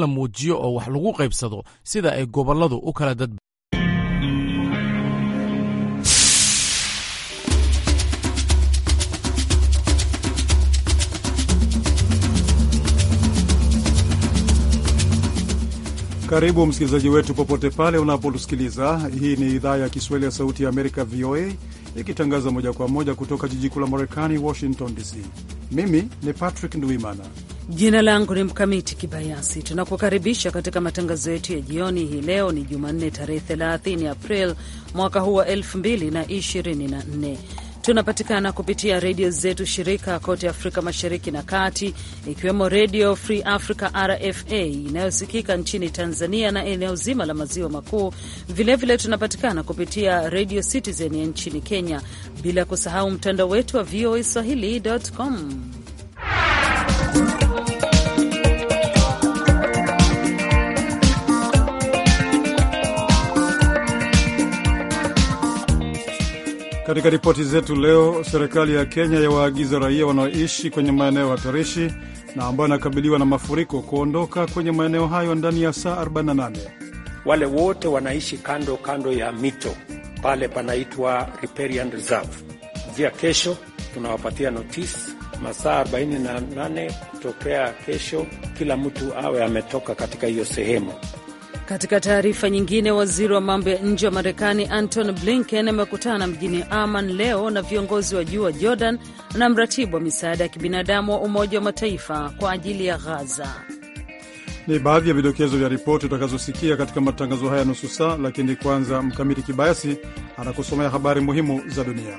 la muujiyo oo wax lagu qaybsado sida ay gobolladu u kala dad Karibu msikilizaji wetu popote pale unapotusikiliza. Hii ni idhaa ya Kiswahili ya Sauti ya Amerika, VOA, ikitangaza moja kwa moja kutoka jiji kuu la Marekani, Washington DC. Mimi ni Patrick Ndwimana. Jina langu ni Mkamiti Kibayasi. Tunakukaribisha katika matangazo yetu ya jioni hii. Leo ni Jumanne, tarehe 30 April mwaka huu wa 2024. Tunapatikana kupitia redio zetu shirika kote Afrika Mashariki na Kati, ikiwemo Redio Free Africa RFA inayosikika nchini Tanzania na eneo zima la maziwa makuu. Vilevile tunapatikana kupitia Redio Citizen ya nchini Kenya, bila kusahau mtandao wetu wa VOA swahili.com. Katika ripoti zetu leo, serikali ya Kenya yawaagiza raia wanaoishi kwenye maeneo hatarishi na ambao yanakabiliwa na mafuriko kuondoka kwenye maeneo hayo ndani ya saa 48. Wale wote wanaishi kando kando ya mito pale panaitwa riparian reserve, kuanzia kesho tunawapatia notisi masaa 48 kutokea kesho, kila mtu awe ametoka katika hiyo sehemu. Katika taarifa nyingine, waziri wa mambo ya nje wa Marekani anton Blinken amekutana mjini aman leo na viongozi wa juu wa Jordan na mratibu wa misaada ya kibinadamu wa Umoja wa Mataifa kwa ajili ya Ghaza. Ni baadhi ya vidokezo vya ripoti utakazosikia katika matangazo haya nusu saa, lakini kwanza, Mkamiti Kibayasi anakusomea habari muhimu za dunia.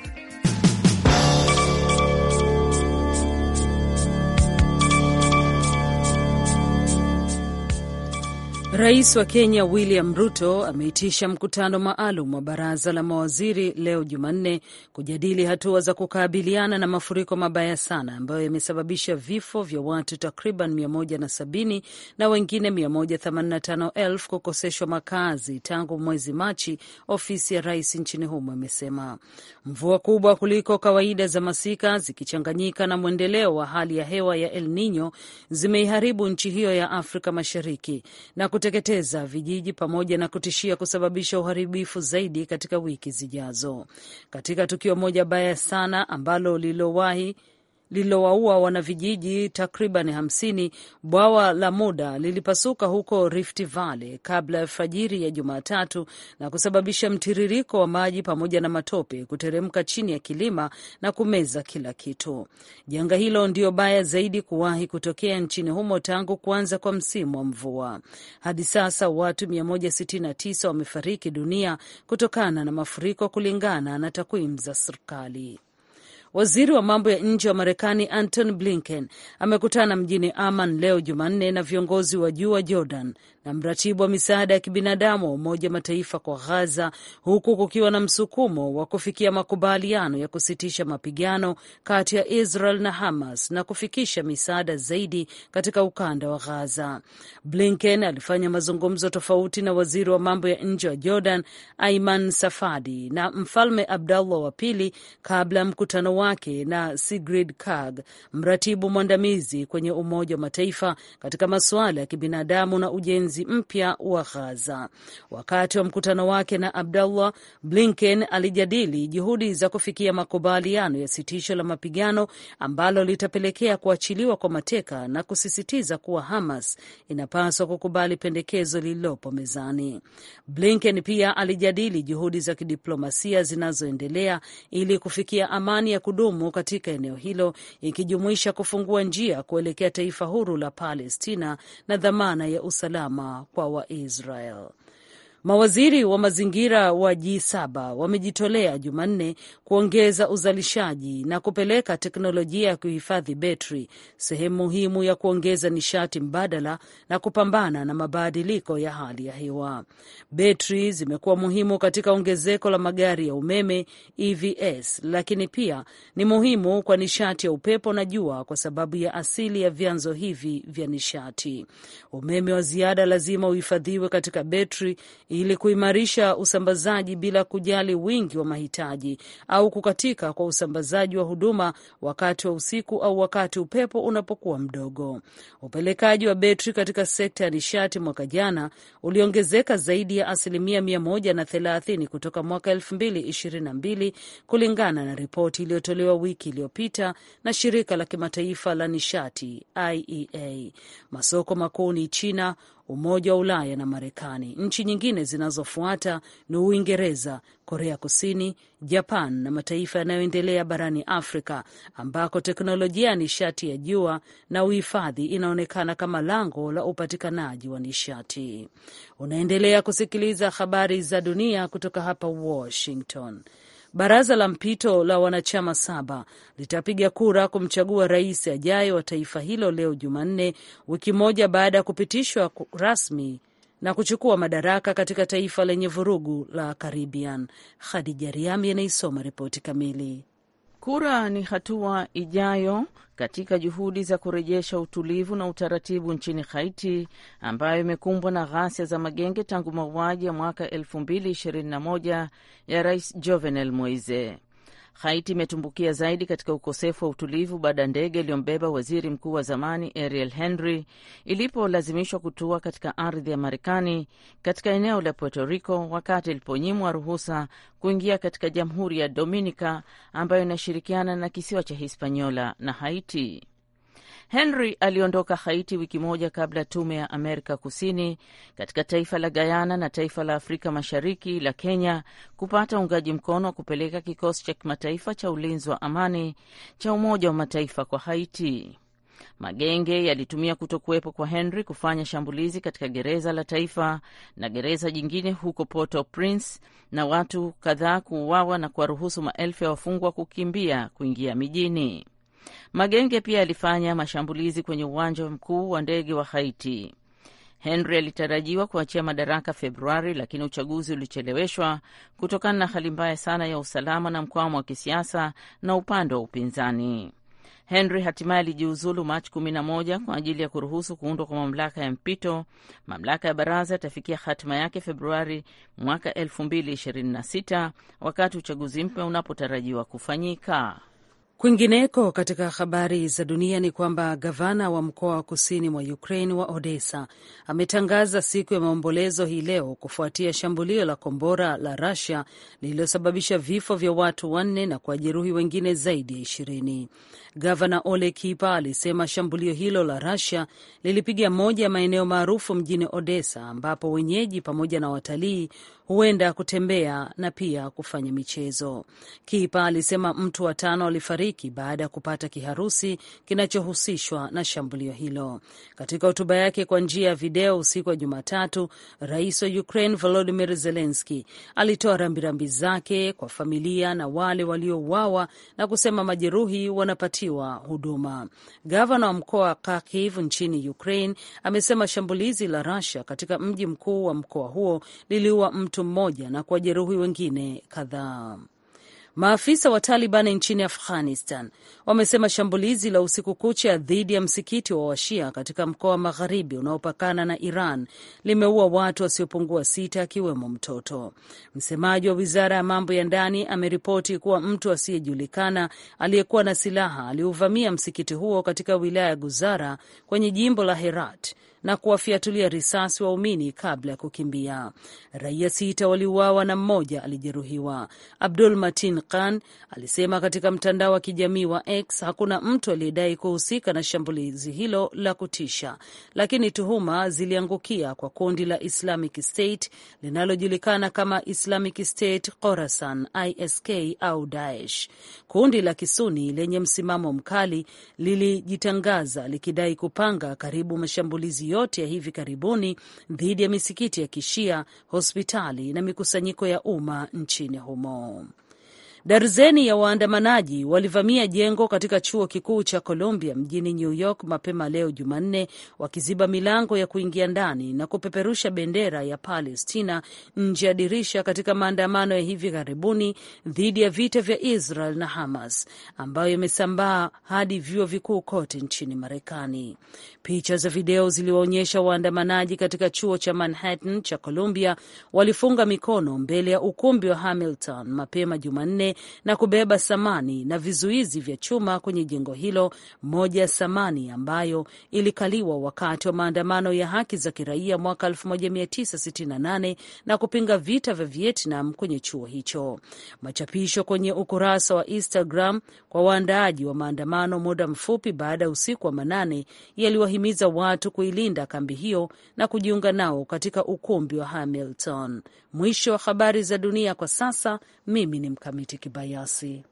Rais wa Kenya William Ruto ameitisha mkutano maalum wa baraza la mawaziri leo Jumanne kujadili hatua za kukabiliana na mafuriko mabaya sana ambayo yamesababisha vifo vya watu takriban 170 na wengine 185,000 kukoseshwa makazi tangu mwezi Machi, ofisi ya rais nchini humo imesema. Mvua kubwa kuliko kawaida za masika zikichanganyika na mwendeleo wa hali ya hewa ya El Nino zimeiharibu nchi hiyo ya Afrika Mashariki na kute kuteketeza vijiji pamoja na kutishia kusababisha uharibifu zaidi katika wiki zijazo. Katika tukio moja baya sana ambalo lililowahi lililowaua wanavijiji takriban hamsini, bwawa la muda lilipasuka huko Rift Valley kabla ya fajiri ya Jumatatu na kusababisha mtiririko wa maji pamoja na matope kuteremka chini ya kilima na kumeza kila kitu. Janga hilo ndio baya zaidi kuwahi kutokea nchini humo tangu kuanza kwa msimu wa mvua. Hadi sasa watu 169 wamefariki dunia kutokana na mafuriko kulingana na takwimu za serikali. Waziri wa mambo ya nje wa Marekani Anton Blinken amekutana mjini aman leo Jumanne na viongozi wa juu wa Jordan na mratibu wa misaada ya kibinadamu wa Umoja wa Mataifa kwa ghaza huku kukiwa na msukumo wa kufikia makubaliano ya kusitisha mapigano kati ya Israel na Hamas na kufikisha misaada zaidi katika ukanda wa ghaza Blinken alifanya mazungumzo tofauti na waziri wa mambo ya nje wa Jordan Aiman Safadi na Mfalme abdallah wa Pili kabla ya mkutano wake na Sigrid Kaag, mratibu mwandamizi kwenye Umoja wa Mataifa katika masuala ya kibinadamu na ujenzi ujenzi mpya wa Ghaza. Wakati wa mkutano wake na Abdullah, Blinken alijadili juhudi za kufikia makubaliano ya sitisho la mapigano ambalo litapelekea kuachiliwa kwa mateka na kusisitiza kuwa Hamas inapaswa kukubali pendekezo lililopo mezani. Blinken pia alijadili juhudi za kidiplomasia zinazoendelea ili kufikia amani ya kudumu katika eneo hilo, ikijumuisha kufungua njia kuelekea taifa huru la Palestina na dhamana ya usalama usalama kwa Waisrael. Mawaziri wa mazingira wa G7 wamejitolea Jumanne kuongeza uzalishaji na kupeleka teknolojia ya kuhifadhi betri, sehemu muhimu ya kuongeza nishati mbadala na kupambana na mabadiliko ya hali ya hewa. Betri zimekuwa muhimu katika ongezeko la magari ya umeme EVs, lakini pia ni muhimu kwa nishati ya upepo na jua kwa sababu ya asili ya vyanzo hivi vya nishati. Umeme wa ziada lazima uhifadhiwe katika betri ili kuimarisha usambazaji bila kujali wingi wa mahitaji au kukatika kwa usambazaji wa huduma wakati wa usiku au wakati upepo unapokuwa mdogo. Upelekaji wa betri katika sekta ya nishati mwaka jana uliongezeka zaidi ya asilimia 130 kutoka mwaka 2022 kulingana na ripoti iliyotolewa wiki iliyopita na shirika la kimataifa la nishati IEA. Masoko makuu ni China, Umoja wa Ulaya na Marekani. Nchi nyingine zinazofuata ni Uingereza, Korea Kusini, Japan na mataifa yanayoendelea barani Afrika, ambako teknolojia ya nishati ya jua na uhifadhi inaonekana kama lango la upatikanaji wa nishati. Unaendelea kusikiliza habari za dunia kutoka hapa Washington. Baraza la mpito la wanachama saba litapiga kura kumchagua rais ajaye wa taifa hilo leo Jumanne, wiki moja baada ya kupitishwa rasmi na kuchukua madaraka katika taifa lenye vurugu la karibian Khadija Riami anaisoma ripoti kamili. Kura ni hatua ijayo katika juhudi za kurejesha utulivu na utaratibu nchini Haiti ambayo imekumbwa na ghasia za magenge tangu mauaji ya mwaka 2021 ya Rais Jovenel Moise. Haiti imetumbukia zaidi katika ukosefu wa utulivu baada ya ndege iliyombeba waziri mkuu wa zamani Ariel Henry ilipolazimishwa kutua katika ardhi ya Marekani katika eneo la Puerto Rico wakati iliponyimwa ruhusa kuingia katika Jamhuri ya Dominica ambayo inashirikiana na kisiwa cha Hispaniola na Haiti. Henry aliondoka Haiti wiki moja kabla tume ya Amerika Kusini katika taifa la Guyana na taifa la Afrika Mashariki la Kenya kupata uungaji mkono wa kupeleka kikosi cha kimataifa cha ulinzi wa amani cha Umoja wa Mataifa kwa Haiti. Magenge yalitumia kutokuwepo kwa Henry kufanya shambulizi katika gereza la taifa na gereza jingine huko Port-au-Prince na watu kadhaa kuuawa na kuwaruhusu maelfu ya wafungwa kukimbia kuingia mijini. Magenge pia yalifanya mashambulizi kwenye uwanja mkuu wa ndege wa Haiti. Henry alitarajiwa kuachia madaraka Februari, lakini uchaguzi ulicheleweshwa kutokana na hali mbaya sana ya usalama na mkwamo wa kisiasa na upande wa upinzani. Henry hatimaye alijiuzulu Machi 11 kwa ajili ya kuruhusu kuundwa kwa mamlaka ya mpito. Mamlaka ya baraza yatafikia hatima yake Februari mwaka 2026 wakati uchaguzi mpya unapotarajiwa kufanyika. Kwingineko katika habari za dunia ni kwamba gavana wa mkoa wa kusini mwa Ukraine wa Odessa ametangaza siku ya maombolezo hii leo kufuatia shambulio la kombora la Russia lililosababisha vifo vya watu wanne na kuwajeruhi wengine zaidi ya ishirini. Gavana Ole Kipa alisema shambulio hilo la Russia lilipiga moja ya maeneo maarufu mjini Odessa ambapo wenyeji pamoja na watalii huenda kutembea na pia kufanya michezo. Kipa alisema mtu watano alifariki baada ya kupata kiharusi kinachohusishwa na shambulio hilo. Katika hotuba yake kwa njia ya video usiku wa Jumatatu, rais wa Ukraine volodimir zelenski alitoa rambirambi zake kwa familia na wale waliouawa na kusema majeruhi wanapatiwa huduma. Gavana wa mkoa wa Kharkiv nchini Ukraine amesema shambulizi la Russia katika mji mkuu wa mkoa huo liliua mtu mtu mmoja na kuwajeruhi wengine kadhaa. Maafisa wa Taliban nchini Afghanistan wamesema shambulizi la usiku kucha dhidi ya msikiti wa Washia katika mkoa wa magharibi unaopakana na Iran limeua watu wasiopungua sita akiwemo mtoto. Msemaji wa wizara ya mambo ya ndani ameripoti kuwa mtu asiyejulikana aliyekuwa na silaha aliuvamia msikiti huo katika wilaya ya Guzara kwenye jimbo la Herat na kuwafiatulia risasi waumini kabla ya kukimbia. Raia sita waliuawa na mmoja alijeruhiwa. Abdul Matin Khan alisema katika mtandao wa kijamii wa X hakuna mtu aliyedai kuhusika na shambulizi hilo la kutisha, lakini tuhuma ziliangukia kwa kundi la Islamic State linalojulikana kama Islamic State Khorasan, ISK au Daesh. Kundi la Kisuni lenye msimamo mkali lilijitangaza likidai kupanga karibu mashambulizi yote ya hivi karibuni dhidi ya misikiti ya Kishia, hospitali na mikusanyiko ya umma nchini humo. Darzeni ya waandamanaji walivamia jengo katika chuo kikuu cha Columbia mjini New York mapema leo Jumanne, wakiziba milango ya kuingia ndani na kupeperusha bendera ya Palestina nje ya dirisha katika maandamano ya hivi karibuni dhidi ya vita vya Israel na Hamas ambayo imesambaa hadi vyuo vikuu kote nchini Marekani. Picha za video ziliwaonyesha waandamanaji katika chuo cha Manhattan cha Columbia walifunga mikono mbele ya ukumbi wa Hamilton mapema Jumanne na kubeba samani na vizuizi vya chuma kwenye jengo hilo, moja ya samani ambayo ilikaliwa wakati wa maandamano ya haki za kiraia mwaka 1968 na kupinga vita vya Vietnam kwenye chuo hicho. Machapisho kwenye ukurasa wa Instagram kwa waandaaji wa maandamano muda mfupi baada ya usiku wa manane yaliwahimiza watu kuilinda kambi hiyo na kujiunga nao katika ukumbi wa Hamilton. Mwisho wa habari za dunia kwa sasa. Mimi ni Mkamiti Kibayasi.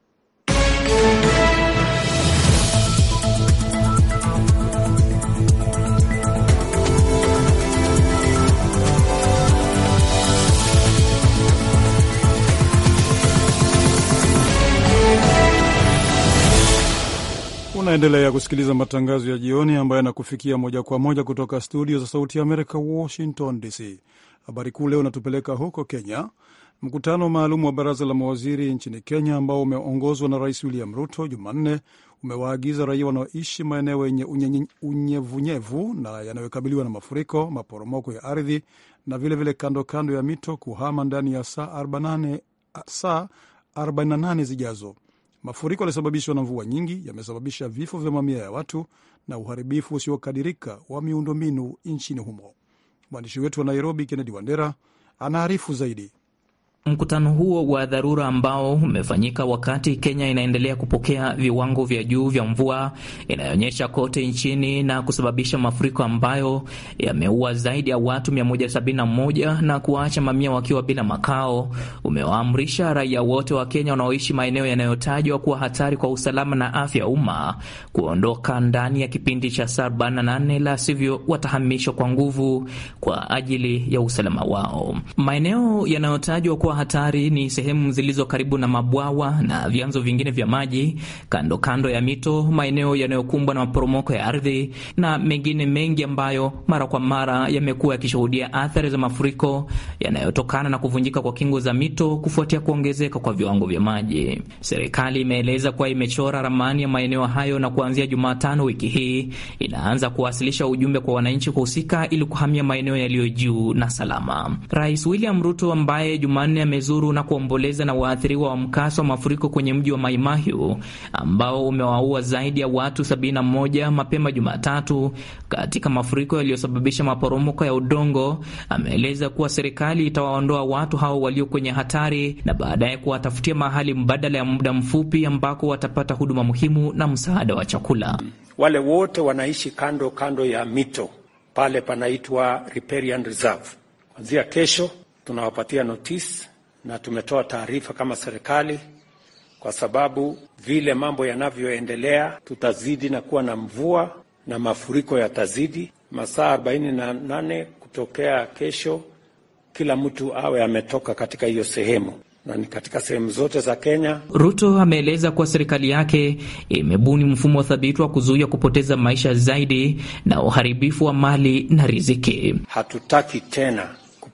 Unaendelea kusikiliza matangazo ya jioni ambayo yanakufikia moja kwa moja kutoka studio za Sauti ya Amerika, Washington DC. Habari kuu leo inatupeleka huko Kenya Mkutano maalum wa baraza la mawaziri nchini Kenya ambao umeongozwa na Rais William Ruto Jumanne umewaagiza raia wanaoishi maeneo yenye unyevunyevu na yanayokabiliwa na mafuriko, maporomoko ya ardhi na vilevile vile kando kando ya mito kuhama ndani ya saa 48, zijazo. Mafuriko yaliyosababishwa na mvua nyingi yamesababisha vifo vya mamia ya watu na uharibifu usiokadirika wa miundombinu nchini humo. Mwandishi wetu wa Nairobi, Kennedy Wandera, anaarifu zaidi. Mkutano huo wa dharura ambao umefanyika wakati Kenya inaendelea kupokea viwango vya juu vya mvua inayoonyesha kote nchini na kusababisha mafuriko ambayo yameua zaidi ya watu 171 na kuwaacha mamia wakiwa bila makao, umewaamrisha raia wote wa Kenya wanaoishi maeneo yanayotajwa kuwa hatari kwa usalama na afya ya umma kuondoka ndani ya kipindi cha saa 48, la sivyo watahamishwa kwa nguvu kwa ajili ya usalama wao. Maeneo yanayotajwa kuwa hatari ni sehemu zilizo karibu na mabwawa na vyanzo vingine vya maji, kando kando ya mito, maeneo yanayokumbwa na maporomoko ya ardhi na mengine mengi ambayo mara kwa mara yamekuwa yakishuhudia athari za mafuriko yanayotokana na kuvunjika kwa kingo za mito kufuatia kuongezeka kwa viwango vya maji. Serikali imeeleza kuwa imechora ramani ya maeneo hayo na kuanzia Jumatano wiki hii inaanza kuwasilisha ujumbe kwa wananchi kuhusika ili kuhamia maeneo yaliyo juu na salama. Rais William Ruto ambaye Jumanne Jumanne amezuru na kuomboleza na waathiriwa wa mkasa wa mafuriko kwenye mji wa maimahyu ambao umewaua zaidi ya watu 71 mapema Jumatatu katika mafuriko yaliyosababisha maporomoko ya udongo. Ameeleza kuwa serikali itawaondoa watu hao walio kwenye hatari na baadaye kuwatafutia mahali mbadala ya muda mfupi ambako watapata huduma muhimu na msaada wa chakula. Wale wote wanaishi kando kando ya mito pale panaitwa riparian reserve. Kuanzia kesho tunawapatia notisi na tumetoa taarifa kama serikali, kwa sababu vile mambo yanavyoendelea, tutazidi na kuwa na mvua na mafuriko yatazidi. Masaa 48 kutokea kesho, kila mtu awe ametoka katika hiyo sehemu na ni katika sehemu zote za Kenya. Ruto ameeleza kuwa serikali yake imebuni mfumo thabiti wa kuzuia kupoteza maisha zaidi na uharibifu wa mali na riziki. Hatutaki tena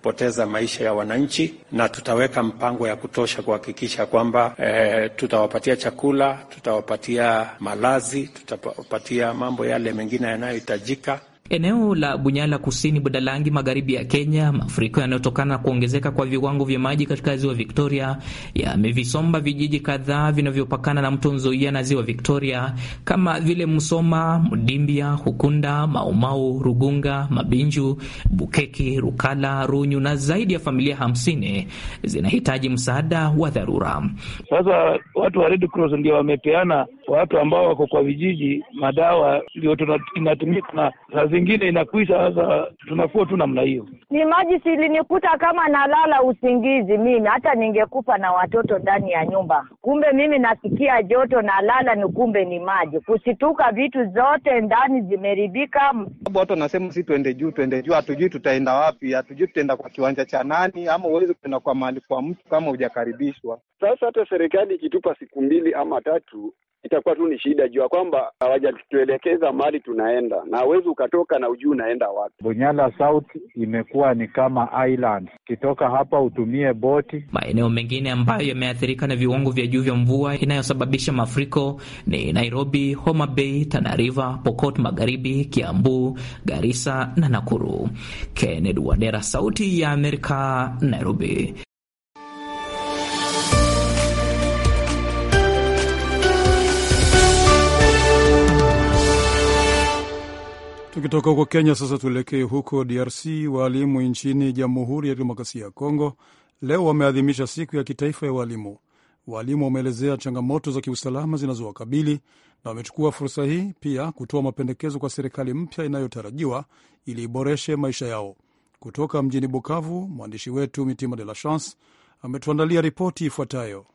kupoteza maisha ya wananchi, na tutaweka mpango ya kutosha kuhakikisha kwamba e, tutawapatia chakula, tutawapatia malazi, tutawapatia mambo yale mengine yanayohitajika. Eneo la Bunyala kusini Budalangi magharibi ya Kenya, mafuriko yanayotokana na kuongezeka kwa viwango vya maji katika ziwa Victoria yamevisomba vijiji kadhaa vinavyopakana na mto Nzoia na ziwa Victoria kama vile Msoma, Mdimbia, Hukunda, Maumau, Rugunga, Mabinju, Bukeki, Rukala, Runyu na zaidi ya familia hamsini zinahitaji msaada wa dharura. Sasa watu wa Red Cross ndio wamepeana watu ambao wako kwa vijiji, madawa ndio inatumika na saa zingine inakuisha. Sasa tunakuwa tu namna hiyo. Ni maji silinikuta kama nalala usingizi mimi, hata ningekufa na watoto ndani ya nyumba, kumbe mimi nasikia joto nalala, ni kumbe ni maji. Kusituka, vitu zote ndani zimeribika. Watu wanasema si tuende juu, tuende juu, hatujui tutaenda wapi, hatujui tutaenda kwa kiwanja cha nani, ama huwezi kuenda kwa mahali kwa mtu kama hujakaribishwa. Sasa hata serikali ikitupa siku mbili ama tatu itakuwa tu ni shida juu ya kwamba hawajatuelekeza mahali tunaenda, na hawezi ukatoka na ujuu unaenda wapi. Bunyala South imekuwa ni kama island, ukitoka hapa utumie boti. Maeneo mengine ambayo yameathirika na viwango vya juu vya mvua inayosababisha mafuriko ni Nairobi, Homa Bay, Tana River, Pokot Magharibi, Kiambu, Garissa na Nakuru. Kennedy Wandera, Sauti ya Amerika, Nairobi. Tukitoka huko Kenya sasa tuelekee huko DRC. Waalimu nchini Jamhuri ya Kidemokrasia ya Kongo leo wameadhimisha siku ya kitaifa ya waalimu. Waalimu wameelezea changamoto za kiusalama zinazowakabili na wamechukua fursa hii pia kutoa mapendekezo kwa serikali mpya inayotarajiwa ili iboreshe maisha yao. Kutoka mjini Bukavu, mwandishi wetu Mitima De La Chance ametuandalia ripoti ifuatayo.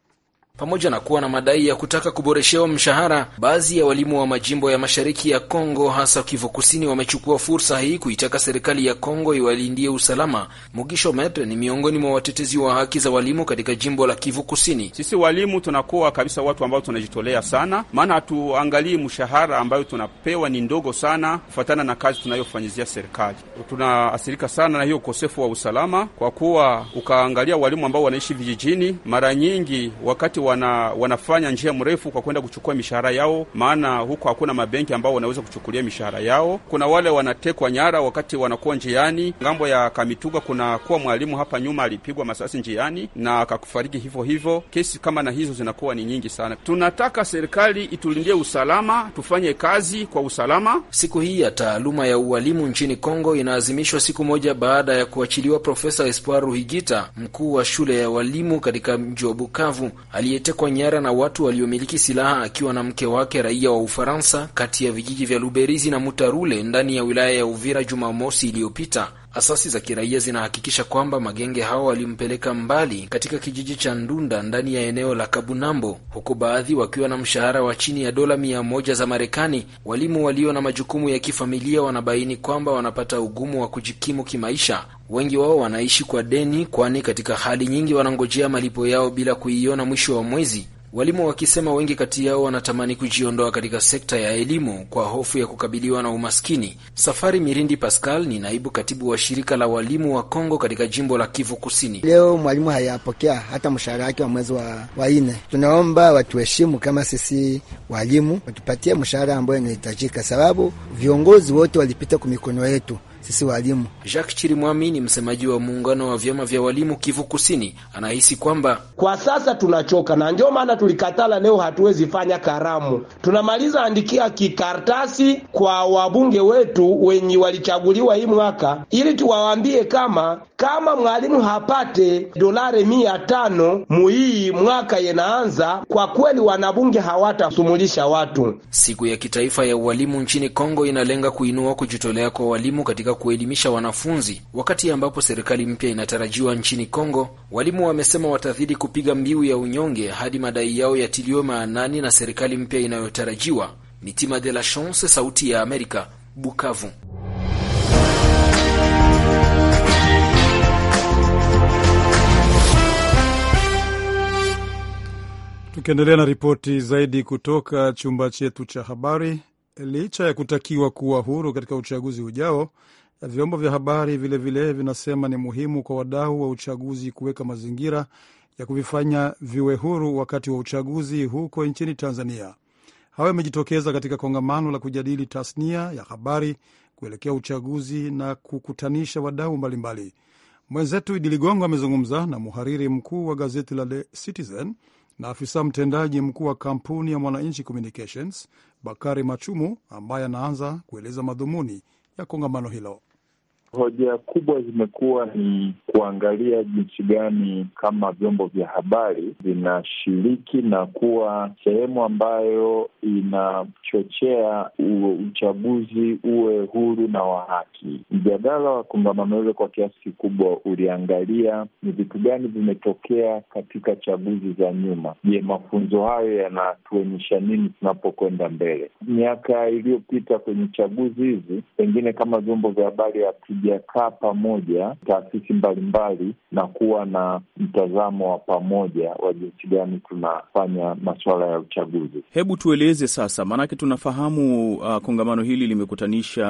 Pamoja na kuwa na madai ya kutaka kuboreshewa mshahara, baadhi ya walimu wa majimbo ya mashariki ya Kongo, hasa Kivu Kusini, wamechukua fursa hii kuitaka serikali ya Kongo iwalindie usalama. Mugisho Metre ni miongoni mwa watetezi wa haki za walimu katika jimbo la Kivu Kusini. Sisi walimu tunakuwa kabisa watu ambao tunajitolea sana, maana hatuangalii mshahara ambayo tunapewa ni ndogo sana kufuatana na kazi tunayofanyizia serikali. Tunaathirika sana na hiyo ukosefu wa usalama, kwa kuwa ukaangalia walimu ambao wanaishi vijijini, mara nyingi wakati wana, wanafanya njia mrefu kwa kwenda kuchukua mishahara yao, maana huko hakuna mabenki ambao wanaweza kuchukulia mishahara yao. Kuna wale wanatekwa nyara wakati wanakuwa njiani. Ngambo ya Kamituga kuwa mwalimu hapa nyuma alipigwa masasi njiani na akakufariki hivyo hivyo. Kesi kama na hizo zinakuwa ni nyingi sana. Tunataka serikali itulindie usalama, tufanye kazi kwa usalama. Siku hii ya taaluma ya ualimu nchini Kongo inaazimishwa siku moja baada ya kuachiliwa Profesa Espoir Ruhigita, mkuu wa shule ya walimu katika mji wa Bukavu aliye aliyetekwa nyara na watu waliomiliki silaha akiwa na mke wake raia wa Ufaransa kati ya vijiji vya Luberizi na Mutarule ndani ya wilaya ya Uvira Jumamosi iliyopita Asasi za kiraia zinahakikisha kwamba magenge hao walimpeleka mbali katika kijiji cha Ndunda ndani ya eneo la Kabunambo, huku baadhi wakiwa na mshahara wa chini ya dola mia moja za Marekani. Walimu walio na majukumu ya kifamilia wanabaini kwamba wanapata ugumu wa kujikimu kimaisha. Wengi wao wanaishi kwa deni, kwani katika hali nyingi wanangojea malipo yao bila kuiona mwisho wa mwezi. Walimu wakisema wengi kati yao wanatamani kujiondoa katika sekta ya elimu kwa hofu ya kukabiliwa na umaskini. Safari Mirindi Pascal ni naibu katibu wa shirika la walimu wa Kongo katika jimbo la Kivu Kusini. Leo mwalimu hayapokea hata mshahara wake wa mwezi wa nne. Tunaomba watuheshimu kama sisi walimu, watupatie mshahara ambayo inahitajika, sababu viongozi wote walipita kwa mikono yetu sisi walimu. Jacques Chirimwami ni msemaji wa muungano wa vyama vya walimu Kivu Kusini, anahisi kwamba kwa sasa tunachoka na ndio maana tulikatala leo, hatuwezi fanya karamu, tunamaliza andikia kikartasi kwa wabunge wetu wenye walichaguliwa hii mwaka, ili tuwaambie kama kama mwalimu hapate dolare mia tano muhii mwaka yenaanza, kwa kweli wanabunge hawatasumulisha watu. Siku ya kitaifa ya ualimu nchini Kongo inalenga kuinua kujitolea kwa walimu katika kuelimisha wanafunzi. Wakati ambapo serikali mpya inatarajiwa nchini Kongo, walimu wamesema watazidi kupiga mbiu ya unyonge hadi madai yao yatiliwe maanani na serikali mpya inayotarajiwa. Mitima de la Chance, Sauti ya Amerika, Bukavu. Tukiendelea na ripoti zaidi kutoka chumba chetu cha habari. Licha ya kutakiwa kuwa huru katika uchaguzi ujao, Vyombo vya habari vilevile vile vinasema ni muhimu kwa wadau wa uchaguzi kuweka mazingira ya kuvifanya viwe huru wakati wa uchaguzi huko nchini Tanzania. Hayo yamejitokeza katika kongamano la kujadili tasnia ya habari kuelekea uchaguzi na kukutanisha wadau mbalimbali. Mwenzetu Idi Ligongo amezungumza na mhariri mkuu wa gazeti la The Citizen na afisa mtendaji mkuu wa kampuni ya Mwananchi Communications, Bakari Machumu, ambaye anaanza kueleza madhumuni ya kongamano hilo. Hoja kubwa zimekuwa ni kuangalia jinsi gani kama vyombo vya habari vinashiriki na kuwa sehemu ambayo inachochea uchaguzi uwe huru na wa haki. Mjadala wa kongamano hilo kwa kiasi kikubwa uliangalia ni vitu gani vimetokea katika chaguzi za nyuma. Je, mafunzo hayo yanatuonyesha nini tunapokwenda mbele? Miaka iliyopita kwenye chaguzi hizi, pengine kama vyombo vya habari haijakaa pamoja taasisi mbalimbali na kuwa na mtazamo wa pamoja wa jinsi gani tunafanya masuala ya uchaguzi. Hebu tueleze sasa, maanake tunafahamu uh, kongamano hili limekutanisha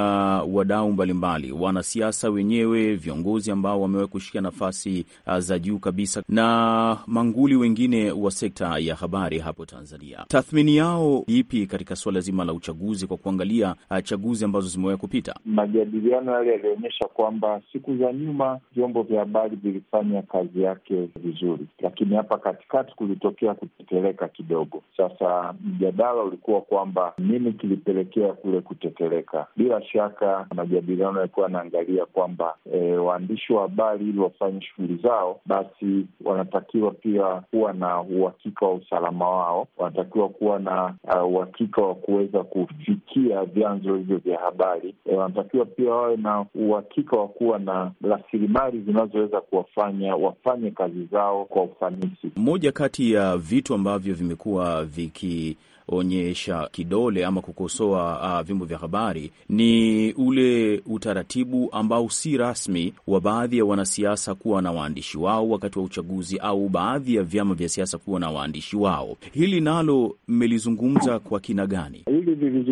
wadau mbalimbali, wanasiasa wenyewe, viongozi ambao wamewahi kushika nafasi uh, za juu kabisa na manguli wengine wa sekta ya habari hapo Tanzania. Tathmini yao ipi katika suala zima la uchaguzi kwa kuangalia uh, chaguzi ambazo zimewahi kupita? Majadiliano yale yalionyesha kuhakikisha kwamba siku za nyuma vyombo vya habari vilifanya kazi yake vizuri, lakini hapa katikati kulitokea kuteteleka kidogo. Sasa mjadala ulikuwa kwamba nini kilipelekea kule kuteteleka. Bila shaka majadiliano yalikuwa yanaangalia kwamba e, waandishi wa habari ili wafanye shughuli zao, basi wanatakiwa pia kuwa na uhakika wa usalama wao, wanatakiwa kuwa na e, uhakika wa kuweza kufikia vyanzo hivyo vya habari, e, wanatakiwa pia wawe na uhakika wa kuwa na rasilimali zinazoweza kuwafanya wafanye kazi zao kwa ufanisi. Moja kati ya vitu ambavyo vimekuwa viki onyesha kidole ama kukosoa uh, vyombo vya habari ni ule utaratibu ambao si rasmi wa baadhi ya wanasiasa kuwa na waandishi wao wakati wa uchaguzi au baadhi ya vyama vya siasa kuwa na waandishi wao. Hili nalo mmelizungumza kwa kina gani?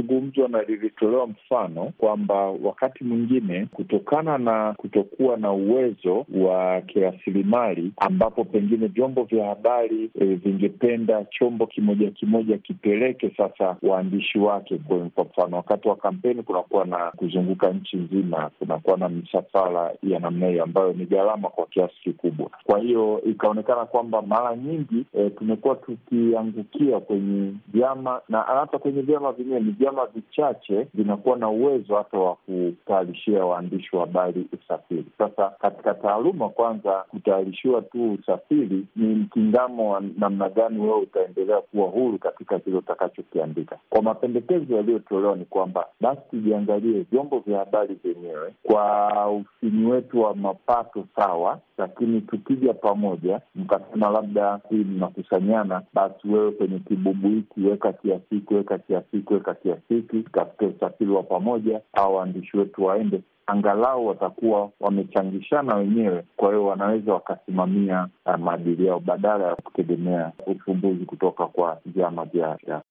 lilizungumzwa na lilitolewa mfano kwamba wakati mwingine kutokana na kutokuwa na uwezo wa kirasilimali, ambapo pengine vyombo vya habari e, vingependa chombo kimoja kimoja kipeleke sasa waandishi wake. Kwa mfano, wakati wa kampeni kunakuwa na kuzunguka nchi nzima, kunakuwa na misafara ya namna hiyo ambayo ni gharama kwa kiasi kikubwa. Kwa hiyo ikaonekana kwamba mara nyingi e, tumekuwa tukiangukia kwenye vyama na hata kwenye vyama vyenyewe ni vyama vyama vichache vinakuwa na uwezo hata wa kutayarishia waandishi wa habari usafiri. Sasa katika taaluma, kwanza kutayarishiwa tu usafiri ni mkingamo wa namna gani wewe utaendelea kuwa huru katika kile utakachokiandika. Kwa mapendekezo yaliyotolewa ni kwamba basi tujiangalie vyombo vya habari vyenyewe kwa usini wetu wa mapato sawa, lakini tukija pamoja mkasema labda hii mnakusanyana, basi wewe kwenye kibubu hiki weka kiasi, weka kiasi, weka kiasi tutafiki, katika usafiri wa pamoja, au waandishi wetu waende, angalau watakuwa wamechangishana wenyewe, kwa hiyo wanaweza wakasimamia eh, maadili yao badala ya kutegemea ufumbuzi kutoka kwa vyama vya siasa.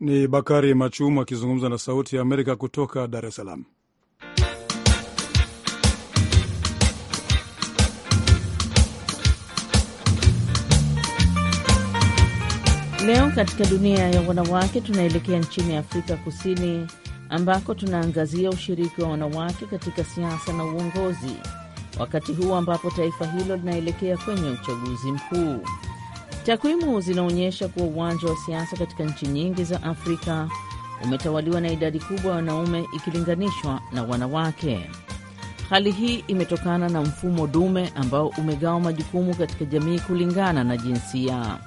Ni Bakari Machumu akizungumza na Sauti ya Amerika kutoka Dar es Salaam. Leo katika dunia ya wanawake, tunaelekea nchini Afrika Kusini ambako tunaangazia ushiriki wa wanawake katika siasa na uongozi, wakati huu ambapo taifa hilo linaelekea kwenye uchaguzi mkuu. Takwimu zinaonyesha kuwa uwanja wa siasa katika nchi nyingi za Afrika umetawaliwa na idadi kubwa ya wanaume ikilinganishwa na wanawake. Hali hii imetokana na mfumo dume ambao umegawa majukumu katika jamii kulingana na jinsia.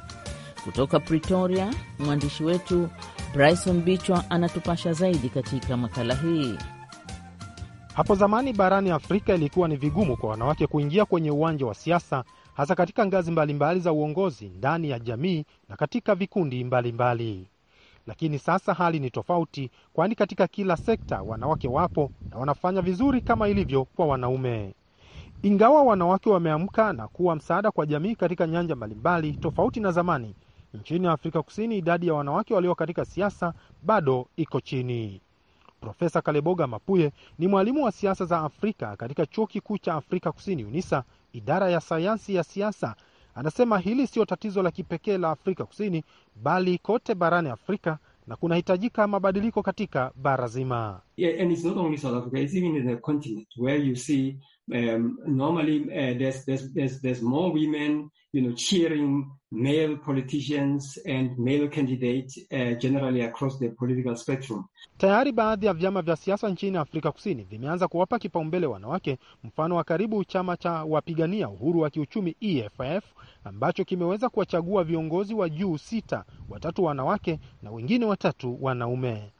Kutoka Pretoria, mwandishi wetu Bryson Bichwa anatupasha zaidi katika makala hii. Hapo zamani barani Afrika ilikuwa ni vigumu kwa wanawake kuingia kwenye uwanja wa siasa, hasa katika ngazi mbalimbali za uongozi ndani ya jamii na katika vikundi mbalimbali mbali. Lakini sasa hali ni tofauti, kwani katika kila sekta wanawake wapo na wanafanya vizuri kama ilivyo kwa wanaume. Ingawa wanawake wameamka na kuwa msaada kwa jamii katika nyanja mbalimbali tofauti na zamani, Nchini Afrika Kusini, idadi ya wanawake walio katika siasa bado iko chini. Profesa Kaleboga Mapuye ni mwalimu wa siasa za Afrika katika chuo kikuu cha Afrika Kusini, UNISA, idara ya sayansi ya siasa. Anasema hili siyo tatizo la kipekee la Afrika Kusini, bali kote barani Afrika na kunahitajika mabadiliko katika bara zima. Yeah, um, normally uh, there's, there's, there's, there's more women, you know, cheering male politicians and male candidates uh, generally across the political spectrum. Tayari baadhi ya vyama vya siasa nchini Afrika Kusini vimeanza kuwapa kipaumbele wanawake, mfano wa karibu chama cha wapigania uhuru wa kiuchumi EFF ambacho kimeweza kuwachagua viongozi wa juu sita, watatu wanawake na wengine watatu wanaume.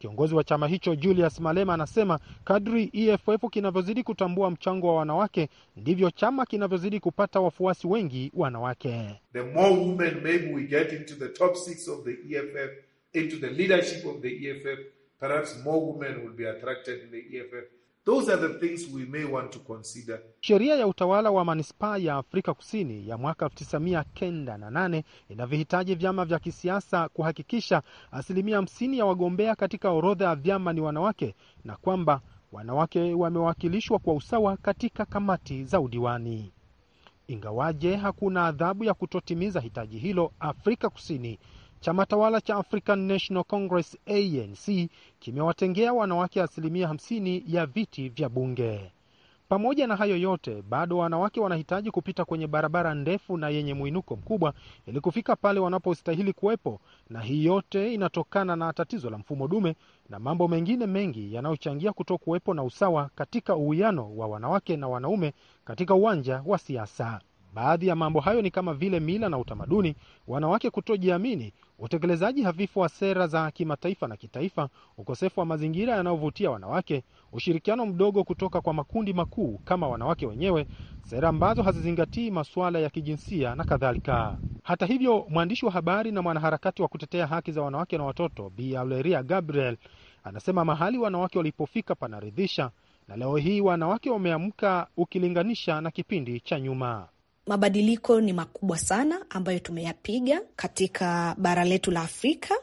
Kiongozi wa chama hicho Julius Malema anasema kadri EFF kinavyozidi kutambua mchango wa wanawake ndivyo chama kinavyozidi kupata wafuasi wengi wanawake. The more women maybe we get into the top six of the EFF, into the leadership of the EFF, perhaps more women will be attracted in the EFF. Those are the things we may want to consider. Sheria ya utawala wa manispaa ya Afrika Kusini ya mwaka 1998 inavihitaji vyama vya kisiasa kuhakikisha asilimia 50 ya wagombea katika orodha ya vyama ni wanawake na kwamba wanawake wamewakilishwa kwa usawa katika kamati za udiwani. Ingawaje hakuna adhabu ya kutotimiza hitaji hilo Afrika Kusini Chama tawala cha African National Congress ANC kimewatengea wanawake asilimia 50 ya viti vya bunge. Pamoja na hayo yote, bado wanawake wanahitaji kupita kwenye barabara ndefu na yenye mwinuko mkubwa ili kufika pale wanapostahili kuwepo, na hii yote inatokana na tatizo la mfumo dume na mambo mengine mengi yanayochangia kuto kuwepo na usawa katika uwiano wa wanawake na wanaume katika uwanja wa siasa. Baadhi ya mambo hayo ni kama vile mila na utamaduni, wanawake kutojiamini, utekelezaji hafifu wa sera za kimataifa na kitaifa, ukosefu wa mazingira yanayovutia wanawake, ushirikiano mdogo kutoka kwa makundi makuu kama wanawake wenyewe, sera ambazo hazizingatii masuala ya kijinsia na kadhalika. Hata hivyo, mwandishi wa habari na mwanaharakati wa kutetea haki za wanawake na watoto Bi Auleria Gabriel anasema mahali wanawake walipofika panaridhisha, na leo hii wanawake wameamka ukilinganisha na kipindi cha nyuma mabadiliko ni makubwa sana ambayo tumeyapiga katika bara letu la Afrika.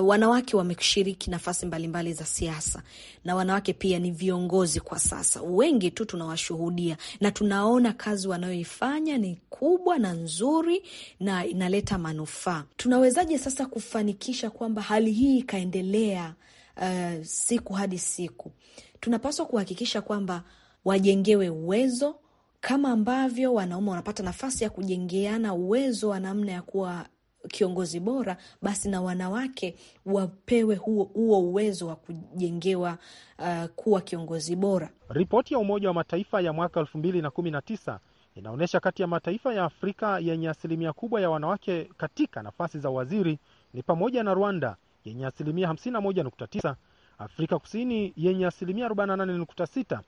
Uh, wanawake wameshiriki nafasi mbalimbali za siasa na wanawake pia ni viongozi kwa sasa, wengi tu tunawashuhudia na tunaona kazi wanayoifanya ni kubwa na nzuri na inaleta manufaa. Tunawezaje sasa kufanikisha kwamba hali hii ikaendelea uh, siku hadi siku? Tunapaswa kuhakikisha kwamba wajengewe uwezo kama ambavyo wanaume wanapata nafasi ya kujengeana uwezo wa namna ya kuwa kiongozi bora, basi na wanawake wapewe huo, huo uwezo wa kujengewa uh, kuwa kiongozi bora. Ripoti ya Umoja wa Mataifa ya mwaka 2019 inaonyesha kati ya mataifa ya Afrika yenye asilimia kubwa ya wanawake katika nafasi za waziri ni pamoja na Rwanda yenye asilimia 51.9, Afrika Kusini yenye asilimia 48.6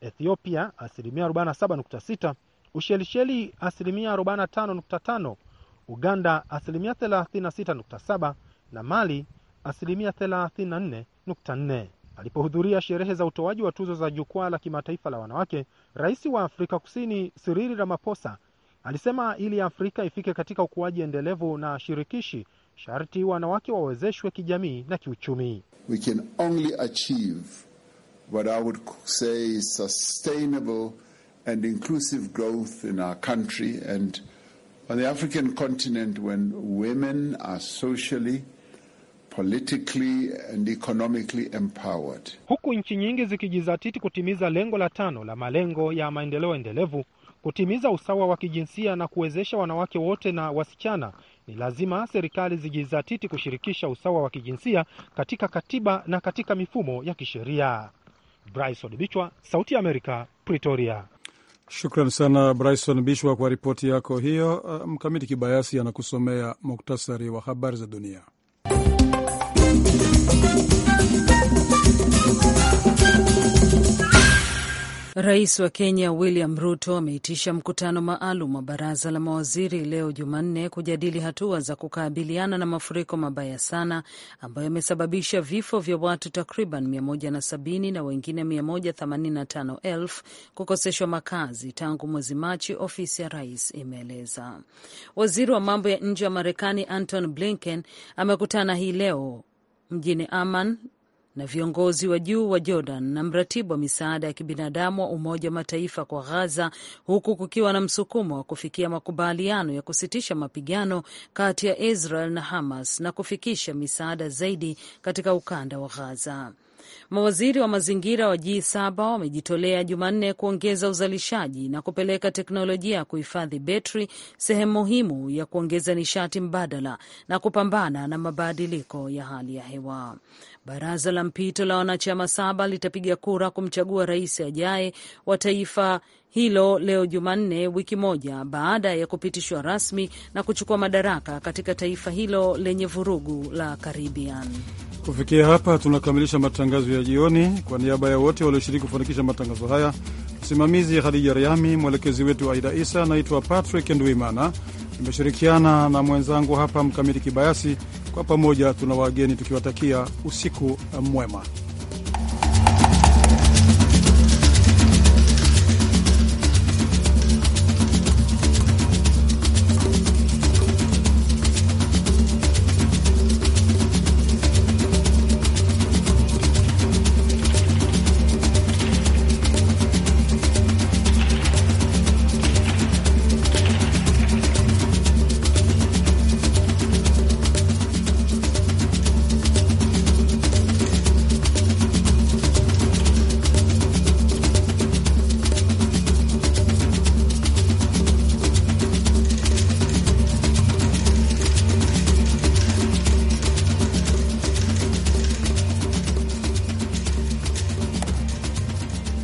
Ethiopia asilimia 47.6, Ushelisheli asilimia 45.5, Uganda asilimia 36.7 na Mali asilimia 34.4. Alipohudhuria sherehe za utoaji wa tuzo za jukwaa la kimataifa la wanawake, rais wa Afrika Kusini Cyril Ramaphosa alisema ili Afrika ifike katika ukuaji endelevu na shirikishi, sharti wanawake wawezeshwe kijamii na kiuchumi. We can only achieve what I would say is sustainable and inclusive growth in our country. And on the African continent, when women are socially politically and economically empowered. Huku nchi nyingi zikijizatiti kutimiza lengo la tano la malengo ya maendeleo endelevu, kutimiza usawa wa kijinsia na kuwezesha wanawake wote na wasichana, ni lazima serikali zijizatiti kushirikisha usawa wa kijinsia katika katiba na katika mifumo ya kisheria. Bryson Bichwa, Sauti ya Amerika, Pretoria. Shukran sana Bryson Bichwa kwa ripoti yako hiyo. Uh, Mkamiti Kibayasi anakusomea muktasari wa habari za dunia. Rais wa Kenya William Ruto ameitisha mkutano maalum wa baraza la mawaziri leo Jumanne kujadili hatua za kukabiliana na mafuriko mabaya sana ambayo yamesababisha vifo vya watu takriban 170 na wengine 185,000 kukoseshwa makazi tangu mwezi Machi, ofisi ya rais imeeleza. Waziri wa mambo ya nje wa Marekani Anton Blinken amekutana hii leo mjini Amman na viongozi wa juu wa Jordan na mratibu wa misaada ya kibinadamu wa Umoja wa Mataifa kwa ghaza huku kukiwa na msukumo wa kufikia makubaliano ya kusitisha mapigano kati ya Israel na Hamas na kufikisha misaada zaidi katika ukanda wa ghaza Mawaziri wa mazingira wa G7 wamejitolea Jumanne kuongeza uzalishaji na kupeleka teknolojia ya kuhifadhi betri, sehemu muhimu ya kuongeza nishati mbadala na kupambana na mabadiliko ya hali ya hewa. Baraza la mpito la wanachama saba litapiga kura kumchagua rais ajaye wa taifa hilo leo Jumanne, wiki moja baada ya kupitishwa rasmi na kuchukua madaraka katika taifa hilo lenye vurugu la karibian Kufikia hapa tunakamilisha matangazo ya jioni. Kwa niaba ya wote walioshiriki kufanikisha matangazo haya, msimamizi Hadija Riami, mwelekezi wetu Aida Isa. Naitwa Patrick Nduimana, nimeshirikiana na mwenzangu hapa Mkamiti Kibayasi. Kwa pamoja tuna wageni tukiwatakia usiku mwema.